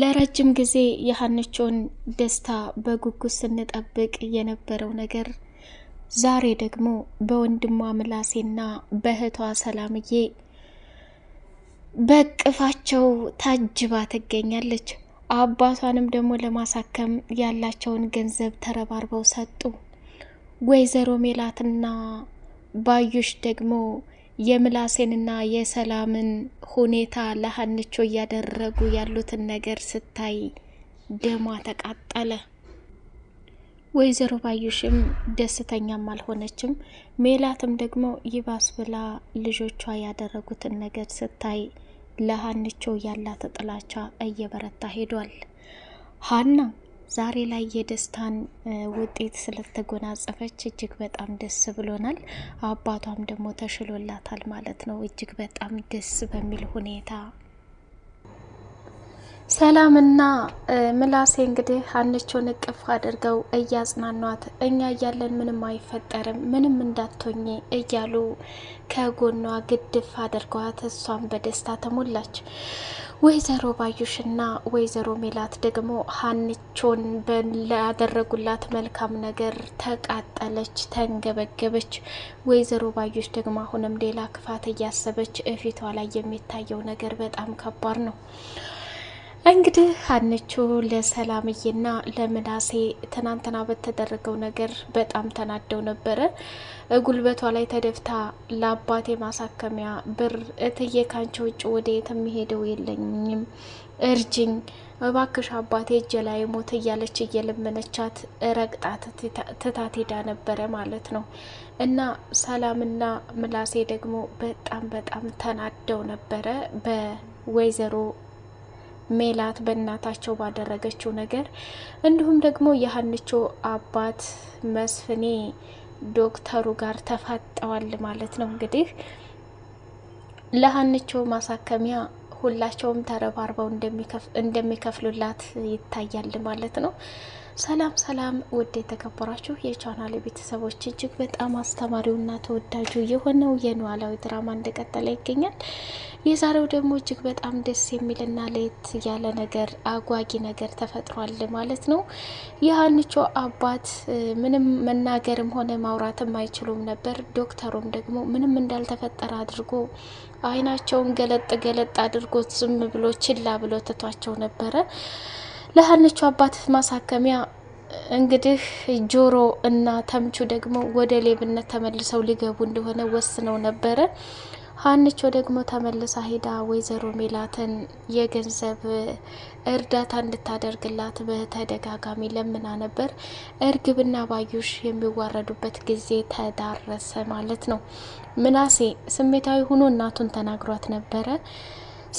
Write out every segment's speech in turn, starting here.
ለረጅም ጊዜ የሀንቾን ደስታ በጉጉት ስንጠብቅ የነበረው ነገር ዛሬ ደግሞ በወንድሟ ምላሴና በእህቷ ሰላምዬ በቅፋቸው ታጅባ ትገኛለች። አባቷንም ደግሞ ለማሳከም ያላቸውን ገንዘብ ተረባርበው ሰጡ። ወይዘሮ ሜላትና ባዩሽ ደግሞ የምላሴንና የሰላምን ሁኔታ ለሀንቾ እያደረጉ ያሉትን ነገር ስታይ ደሟ ተቃጠለ። ወይዘሮ ባዩሽም ደስተኛም አልሆነችም። ሜላትም ደግሞ ይባስ ብላ ልጆቿ ያደረጉትን ነገር ስታይ ለሀንቾ ያላት ጥላቻ እየበረታ ሄዷል። ሀና ዛሬ ላይ የደስታን ውጤት ስለተጎናጸፈች እጅግ በጣም ደስ ብሎናል። አባቷም ደግሞ ተሽሎላታል ማለት ነው። እጅግ በጣም ደስ በሚል ሁኔታ ሰላምና ምላሴ እንግዲህ ሀንቾን እቅፍ አድርገው እያጽናኗት እኛ እያለን ምንም አይፈጠርም ምንም እንዳትሆኝ እያሉ ከጎኗ ግድፍ አድርገዋት እሷን በደስታ ተሞላች። ወይዘሮ ባዩሽና ወይዘሮ ሜላት ደግሞ ሀንቾን ላደረጉላት መልካም ነገር ተቃጠለች፣ ተንገበገበች። ወይዘሮ ባዩሽ ደግሞ አሁንም ሌላ ክፋት እያሰበች እፊቷ ላይ የሚታየው ነገር በጣም ከባድ ነው። እንግዲህ ሀንቹ ለሰላምዬና ለምናሴ ትናንትና በተደረገው ነገር በጣም ተናደው ነበረ። ጉልበቷ ላይ ተደፍታ ለአባቴ ማሳከሚያ ብር እትዬ ካንቺ ውጭ ወደ የት የሚሄደው የለኝም፣ እርጅኝ እባክሽ አባቴ እጄ ላይ ሞት እያለች እየለመነቻት ረግጣ ትታት ሄዳ ነበረ ማለት ነው። እና ሰላምና ምላሴ ደግሞ በጣም በጣም ተናደው ነበረ በወይዘሮ ሜላት በእናታቸው ባደረገችው ነገር እንዲሁም ደግሞ የሀንቾ አባት መስፍኔ ዶክተሩ ጋር ተፋጠዋል ማለት ነው። እንግዲህ ለሀንቾ ማሳከሚያ ሁላቸውም ተረባርበው እንደሚከፍሉላት ይታያል ማለት ነው። ሰላም ሰላም ውድ የተከበራችሁ የቻናል ቤተሰቦች እጅግ በጣም አስተማሪውና ተወዳጁ የሆነው የኖላዊ ድራማ እንደቀጠለ ይገኛል። የዛሬው ደግሞ እጅግ በጣም ደስ የሚልና ለየት ያለ ነገር አጓጊ ነገር ተፈጥሯል ማለት ነው። የሀንቾ አባት ምንም መናገርም ሆነ ማውራትም አይችሉም ነበር። ዶክተሩም ደግሞ ምንም እንዳልተፈጠረ አድርጎ አይናቸውን ገለጥ ገለጥ አድርጎ ዝም ብሎ ችላ ብሎ ትቷቸው ነበረ። ለሀንቹ አባት ማሳከሚያ እንግዲህ ጆሮ እና ተምቹ ደግሞ ወደ ሌብነት ተመልሰው ሊገቡ እንደሆነ ወስነው ነበረ። ሀንቾ ደግሞ ተመልሳ ሄዳ ወይዘሮ ሜላትን የገንዘብ እርዳታ እንድታደርግላት በተደጋጋሚ ለምና ነበር። እርግብና ባዩሽ የሚዋረዱበት ጊዜ ተዳረሰ ማለት ነው። ምናሴ ስሜታዊ ሆኖ እናቱን ተናግሯት ነበረ።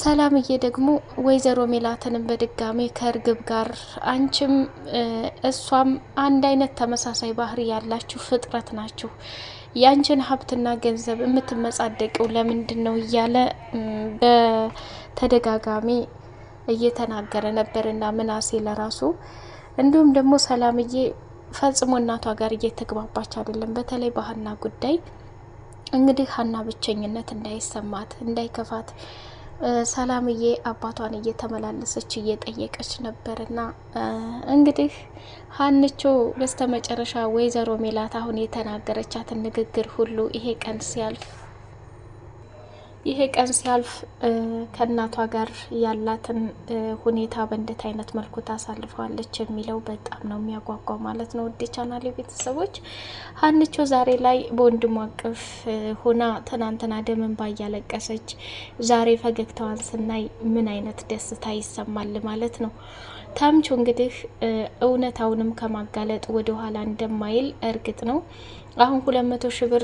ሰላምዬ ደግሞ ወይዘሮ ሜላትንም በድጋሚ ከእርግብ ጋር አንቺም እሷም አንድ አይነት ተመሳሳይ ባህሪ ያላችሁ ፍጥረት ናችሁ፣ ያንቺን ሀብትና ገንዘብ የምትመጻደቀው ለምንድን ነው እያለ በተደጋጋሚ እየተናገረ ነበርና ምናሴ ለራሱ እንዲሁም ደግሞ ሰላምዬ ፈጽሞ እናቷ ጋር እየተግባባች አይደለም። በተለይ ባህና ጉዳይ እንግዲህ ሀና ብቸኝነት እንዳይሰማት እንዳይከፋት ሰላምዬ አባቷን እየተመላለሰች እየጠየቀች ነበርና እንግዲህ ሀንቾ በስተመጨረሻ ወይዘሮ ሜላት አሁን የተናገረቻትን ንግግር ሁሉ ይሄ ቀን ሲያልፍ ይሄ ቀን ሲያልፍ ከእናቷ ጋር ያላትን ሁኔታ በእንዴት አይነት መልኩ ታሳልፈዋለች የሚለው በጣም ነው የሚያጓጓ ማለት ነው። ውዴ ቻናል ቤተሰቦች ሀንቾ ዛሬ ላይ በወንድሟ አቅፍ ሆና ትናንትና ደም እንባ እያለቀሰች ዛሬ ፈገግታዋን ስናይ ምን አይነት ደስታ ይሰማል ማለት ነው። ታምቹ እንግዲህ እውነታውንም ከማጋለጥ ወደኋላ እንደማይል እርግጥ ነው። አሁን ሁለት መቶ ሺህ ብር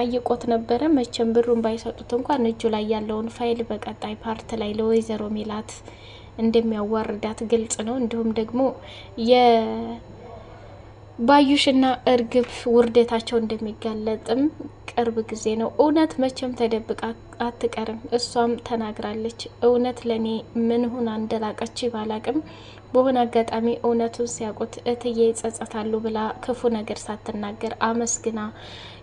ጠይቆት ነበረ። መቼም ብሩን ባይሰጡት እንኳን እጁ ላይ ያለውን ፋይል በቀጣይ ፓርት ላይ ለወይዘሮ ሜላት እንደሚያዋርዳት ግልጽ ነው። እንዲሁም ደግሞ ባዩሽና እርግብ ውርደታቸው እንደሚጋለጥም ቅርብ ጊዜ ነው። እውነት መቼም ተደብቃ አትቀርም። እሷም ተናግራለች። እውነት ለእኔ ምን ሁና እንደላቀች ባላቅም በሆነ አጋጣሚ እውነቱን ሲያውቁት እትዬ ይጸጸታሉ ብላ ክፉ ነገር ሳትናገር አመስግና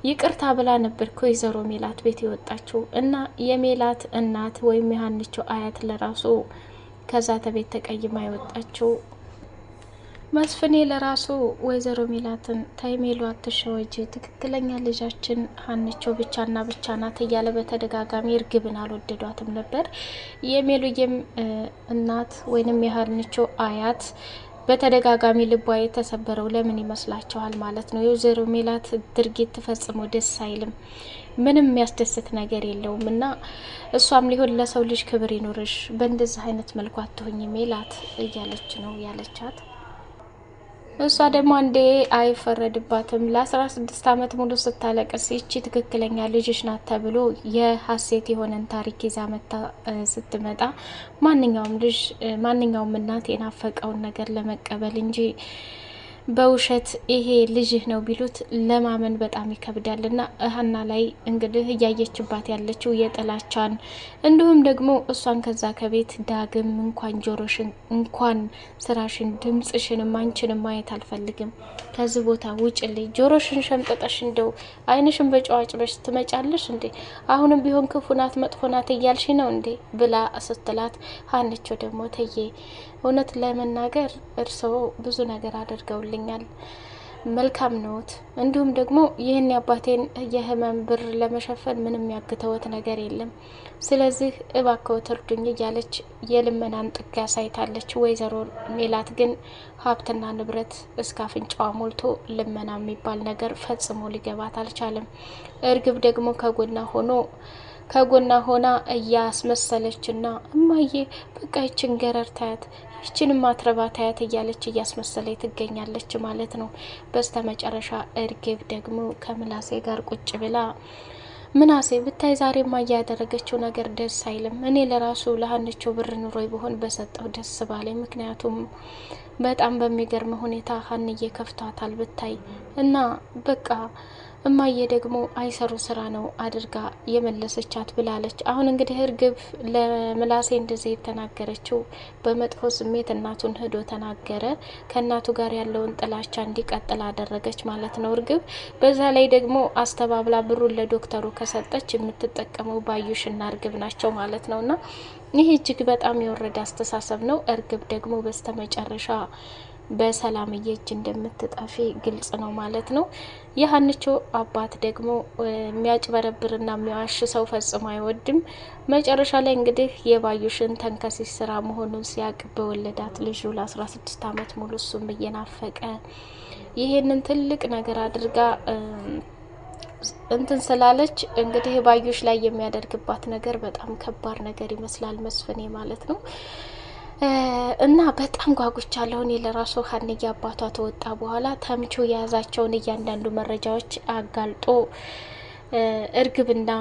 ይቅርታ ብላ ነበር ኮይዘሮ ሜላት ቤት የወጣችው እና የሜላት እናት ወይም የሀንቸው አያት ለራሱ ከዛ ተቤት ተቀይማ የወጣችው መስፍኔ ለራሱ ወይዘሮ ሚላትን ታይሜሉ አትሸወጅ፣ ትክክለኛ ልጃችን ሀንቸው ብቻና ብቻ ናት እያለ በተደጋጋሚ እርግብን አልወደዷትም ነበር። የሜሉዬም እናት ወይንም የሀንቸው አያት በተደጋጋሚ ልቧ የተሰበረው ለምን ይመስላችኋል? ማለት ነው የወይዘሮ ሜላት ድርጊት ፈጽሞ ደስ አይልም። ምንም የሚያስደስት ነገር የለውም እና እሷም ሊሆን ለሰው ልጅ ክብር ይኖርሽ፣ በእንደዚህ አይነት መልኩ አትሆኝ ሜላት እያለች ነው ያለቻት። እሷ ደግሞ አንዴ አይፈረድባትም። ለ ለ16 ዓመት ሙሉ ስታለቅስ ይቺ ትክክለኛ ልጅሽ ናት ተብሎ የሀሴት የሆነን ታሪክ ይዛ መታ ስትመጣ ማንኛውም ልጅ ማንኛውም እናት የናፈቀውን ነገር ለመቀበል እንጂ በውሸት ይሄ ልጅህ ነው ቢሉት ለማመን በጣም ይከብዳል። እና ሀና ላይ እንግዲህ እያየችባት ያለችው የጥላቻን እንዲሁም ደግሞ እሷን ከዛ ከቤት ዳግም እንኳን ጆሮሽን እንኳን ስራሽን ድምጽሽንም አንቺንም ማየት አልፈልግም፣ ከዚህ ቦታ ልይ፣ ጆሮሽን ሸምጠጠሽ እንደው በጨዋጭ በሽ ትመጫለሽ እንዴ? አሁንም ቢሆን ክፉናት መጥፎናት እያልሽ ነው እንዴ? ብላ ስትላት ሀንቾ ደግሞ ተዬ እውነት ለመናገር እርስዎ ብዙ ነገር አድርገውልኛል። መልካም ነዎት። እንዲሁም ደግሞ ይህን የአባቴን የህመም ብር ለመሸፈን ምንም ያግተወት ነገር የለም። ስለዚህ እባክዎት እርዱኝ እያለች የልመናን ጥጋ ሳይታለች። ወይዘሮ ሜላት ግን ሀብትና ንብረት እስከ አፍንጫዋ ሞልቶ ልመና የሚባል ነገር ፈጽሞ ሊገባት አልቻለም። እርግብ ደግሞ ከጎና ሆኖ ከጎና ሆና እያስመሰለችና እማዬ በቃ ይችን ገረር ታያት ይችን ማትረባ ታያት እያለች እያስመሰለች ትገኛለች ማለት ነው። በስተ መጨረሻ እርግብ ደግሞ ከምላሴ ጋር ቁጭ ብላ ምናሴ ብታይ ዛሬማ እያደረገችው ነገር ደስ አይልም። እኔ ለራሱ ለሀንቸው ብር ኑሮ ቢሆን በሰጠው ደስ ባለኝ። ምክንያቱም በጣም በሚገርም ሁኔታ ሀንዬ ከፍቷታል ብታይ እና በቃ እማዬ ደግሞ አይሰሩ ስራ ነው አድርጋ የመለሰቻት ብላለች። አሁን እንግዲህ እርግብ ለምላሴ እንደዚህ የተናገረችው በመጥፎ ስሜት እናቱን ሂዶ ተናገረ። ከእናቱ ጋር ያለውን ጥላቻ እንዲቀጥል አደረገች ማለት ነው እርግብ። በዛ ላይ ደግሞ አስተባብላ ብሩን ለዶክተሩ ከሰጠች የምትጠቀመው ባዩሽና እርግብ ናቸው ማለት እና ይህ እጅግ በጣም የወረደ አስተሳሰብ ነው። እርግብ ደግሞ በስተመጨረሻ በሰላም እየች እንደምትጠፊ ግልጽ ነው ማለት ነው። የሀንቾ አባት ደግሞ የሚያጭበረብርና የሚዋሽ ሰው ፈጽሞ አይወድም። መጨረሻ ላይ እንግዲህ የባዩሽን ተንከሲስ ስራ መሆኑን ሲያቅ በወለዳት ልጁ ለ16 ዓመት ሙሉ እሱም እየናፈቀ ይህንን ትልቅ ነገር አድርጋ እንትን ስላለች እንግዲህ ባዩሽ ላይ የሚያደርግባት ነገር በጣም ከባድ ነገር ይመስላል መስፍኔ ማለት ነው። እና በጣም ጓጉቻለሁ። እኔ ለራሱ ሀንዬ አባቷ ተወጣ በኋላ ተምቹ የያዛቸውን እያንዳንዱ መረጃዎች አጋልጦ እርግብና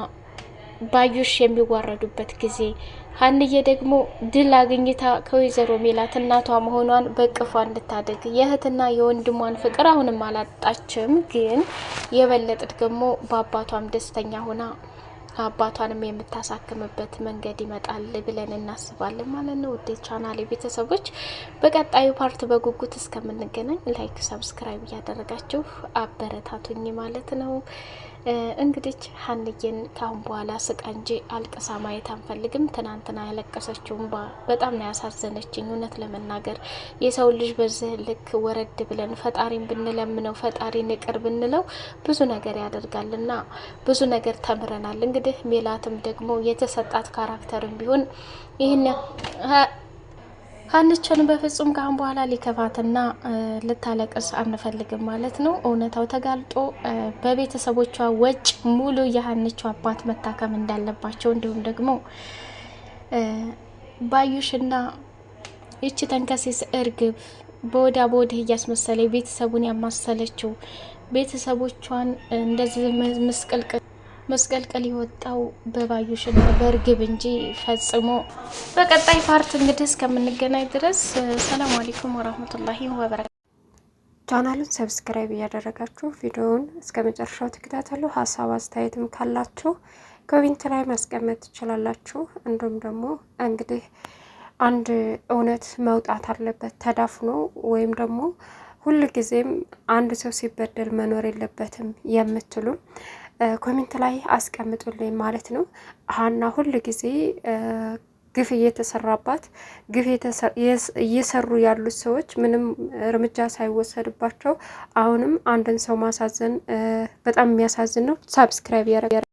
ባዩሽ የሚዋረዱበት ጊዜ ሀንዬ ደግሞ ድል አግኝታ ከወይዘሮ ሜላት እናቷ መሆኗን በቅፏ እንድታደግ የእህትና የወንድሟን ፍቅር አሁንም አላጣችም፣ ግን የበለጠ ደግሞ በአባቷም ደስተኛ ሆና አባቷንም የምታሳክምበት መንገድ ይመጣል ብለን እናስባለን ማለት ነው። ውድ ቻናሌ ቤተሰቦች በቀጣዩ ፓርት በጉጉት እስከምንገናኝ ላይክ፣ ሰብስክራይብ እያደረጋችሁ አበረታቱኝ ማለት ነው። እንግዲህ ሀንዬን ካሁን በኋላ ስቃ እንጂ አልቅሳ ማየት አንፈልግም። ትናንትና ያለቀሰችው በጣም ነው ያሳዘነችኝ። እውነት ለመናገር የሰው ልጅ በዚህ ልክ ወረድ ብለን ፈጣሪን ብንለምነው ፈጣሪን ይቅር ብንለው ብዙ ነገር ያደርጋልና ብዙ ነገር ተምረናል። እንግዲህ ሜላትም ደግሞ የተሰጣት ካራክተርም ቢሆን ይህን ሀንቸን በፍጹም ካሁን በኋላ ሊከፋትና ልታለቅስ አንፈልግም ማለት ነው። እውነታው ተጋልጦ በቤተሰቦቿ ወጭ ሙሉ የሀንቹ አባት መታከም እንዳለባቸው እንዲሁም ደግሞ ባዩሽና ይቺ ተንከሴስ እርግብ በወዳ በወድህ እያስመሰለ ቤተሰቡን ያማሰለችው ቤተሰቦቿን እንደዚህ ምስቅልቅል መስቀልቀል የወጣው በባዩሽና በእርግብ እንጂ ፈጽሞ። በቀጣይ ፓርት እንግዲህ እስከምንገናኝ ድረስ ሰላም አለይኩም ወራህመቱላሂ ወበረካቱ። ቻናሉን ሰብስክራይብ እያደረጋችሁ ቪዲዮውን እስከ መጨረሻው ተከታተሉ። ሀሳብ አስተያየትም ካላችሁ ኮሜንት ላይ ማስቀመጥ ትችላላችሁ። እንዲሁም ደግሞ እንግዲህ አንድ እውነት መውጣት አለበት ተዳፍኖ ወይም ደግሞ ሁል ጊዜም አንድ ሰው ሲበደል መኖር የለበትም የምትሉ ኮሜንት ላይ አስቀምጡልኝ ማለት ነው። ሀና ሁል ጊዜ ግፍ እየተሰራባት ግፍ እየሰሩ ያሉት ሰዎች ምንም እርምጃ ሳይወሰድባቸው አሁንም አንድን ሰው ማሳዘን በጣም የሚያሳዝን ነው። ሳብስክራይብ